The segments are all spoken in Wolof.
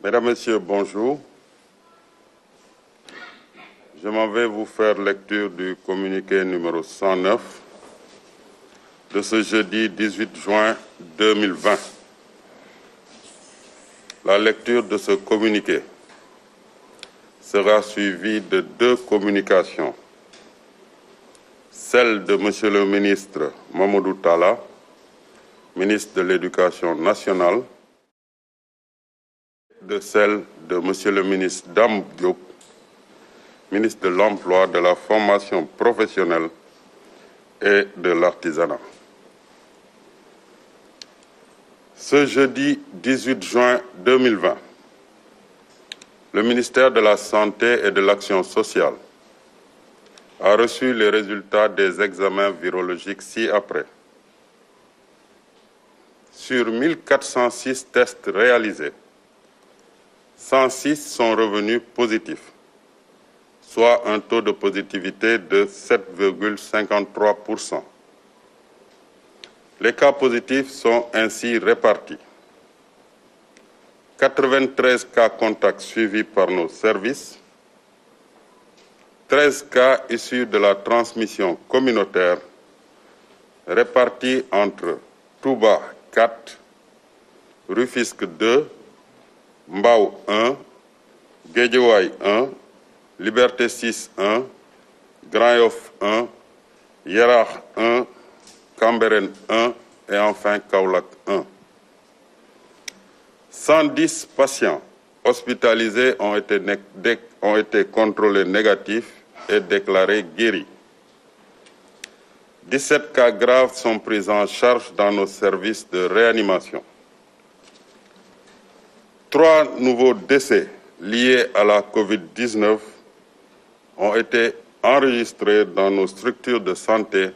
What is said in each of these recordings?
Mesdames, Messieurs, bonjour. Je m'en vais vous faire lecture du communiqué numéro 109 de ce jeudi 18 juin 2020. La lecture de ce communiqué sera de deux communications. Celle de Monsieur le ministre Mamadou Tala, ministre de l'Éducation nationale, de celle de Monsieur le ministre Dame Diop, ministre de la Formation professionnelle et de l'Artisanat. Ce jeudi 18 juin 2020, le ministère de la Santé et de l'Action sociale a reçu les résultats des examens virologiques ci-après. Sur 1406 tests réalisés, 106 sont revenus positifs, soit un taux de positivité de 7,53%. Les cas positifs sont ainsi répartis. 93 cas contacts suivis par nos services, 13 cas de la transmission communautaire répartis entre Touba 4, Rufisque 2, Mbao 1 Guédiawaye 1 Liberté 6 1 Grand Yoff 1 Yaraax 1 Cambérène 1 et enfin Kaolack 1 110 patients hospitalisés ont été ont été contrôlés négatifs et déclarés guéris. 17 cas graves sont pris en charge dans nos services de réanimation. Trois nouveaux décès liés à la COVID-19 ont été enregistrés dans nos structures de santé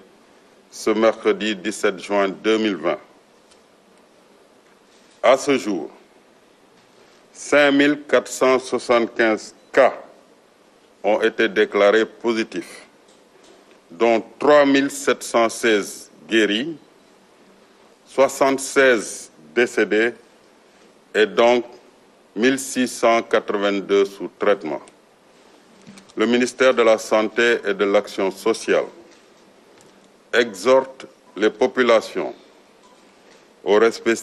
ce mercredi 17 juin 2020. À ce jour, 5475 cas ont été déclarés positifs, dont 3716 guéris, 76 décédés et donc 1682 sous traitement. Le ministère de la Santé et de l'Action sociale exhorte les populations au respect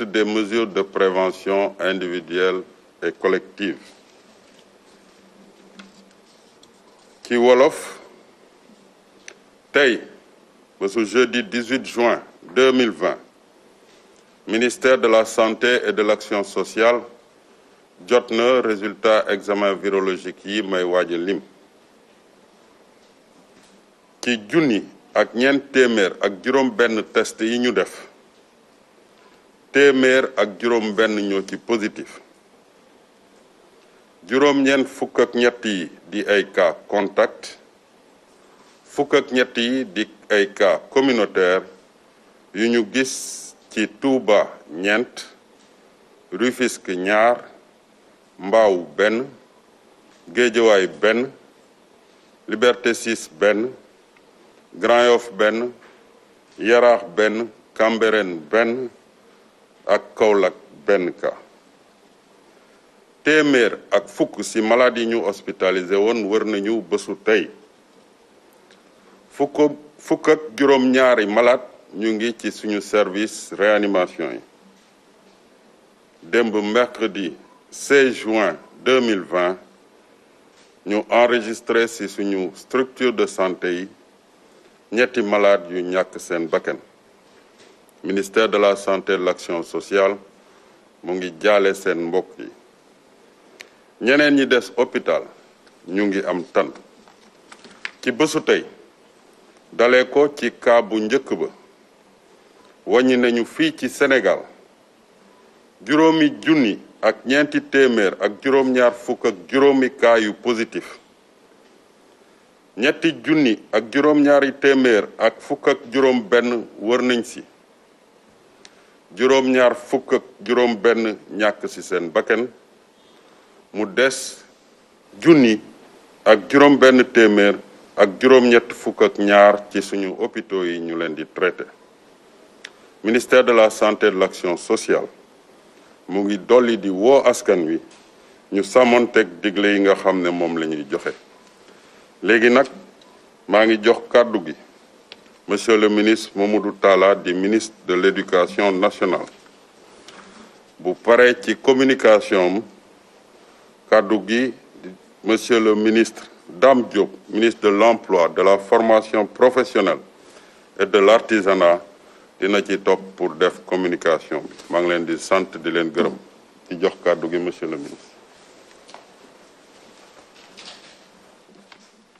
des mesures de prévention individuelle et collective. ci wolof tey bésu jeudi 18 juin 2020 ministère de la Santé de l'Action sociale jot na résultat examen virologique yi may waaj a lim ci junni ak ñeent téeméer ak juróom benn test yi ñu def téeméer ak juróom benn ñoo ci positif juróom ñeent fukk ñett yi di ay cas contact fukk ñett yi di ay cas communautaire yu ñu gis ci tuuba ñeent Rufisque ñaar mbaaw benn géejawaay benn liberté 6 benn Grand Yoff benn yaraax benn Cambérène benn ak Kaolack benn ka téeméer ak fukk ci malade yi ñu hospitalisé woon wër nañu bésu tey fukk fukk juróom-ñaari malade ñu ngi ci suñu service réanimation yi démb mercredi 16 juin 2020 ñu enregistré ci suñu structure de santé yi ñetti malade yu ñàkk seen bakkan ministère de la santé et de l'action sociale mu ngi jaale seen mbokk yi ñeneen ñi des hôpital ñu ngi am tan ci bésu tey dale ko ci cas njëkk ba wàññi nañu fii ci Sénégal juróomi junni ak ñeenti téeméer ak juróom-ñaar fukk ak juróomi cas positif ñetti junni ak juróom-ñaari téeméer ak fukk ak juróom benn wër nañ si juróom-ñaar fukk ak juróom benn ñàkk ci seen bakken mu des junni ak juróom benn téeméer ak juróom-ñett fukk ak ñaar ci suñu hôpitaux yi ñu leen di traité ministère de la santé et de l'action sociale mu ngi dolli di woo askan wi ñu sàmmonteeg digle yi nga xam ne moom la ñuy joxe léegi nag maa ngi jox kàddu gi monsieur le ministre Mamadou Talla di ministre de l'éducation nationale bu paree ci communication am kàddu gi monsieur le ministre Dame Diop ministre de l'emploi de la formation professionnelle et de l'artisanat dina ci topp pour def communication bi maa ngi leen di sant di leen gërëm ci jox kàddu gi monsieur le ministre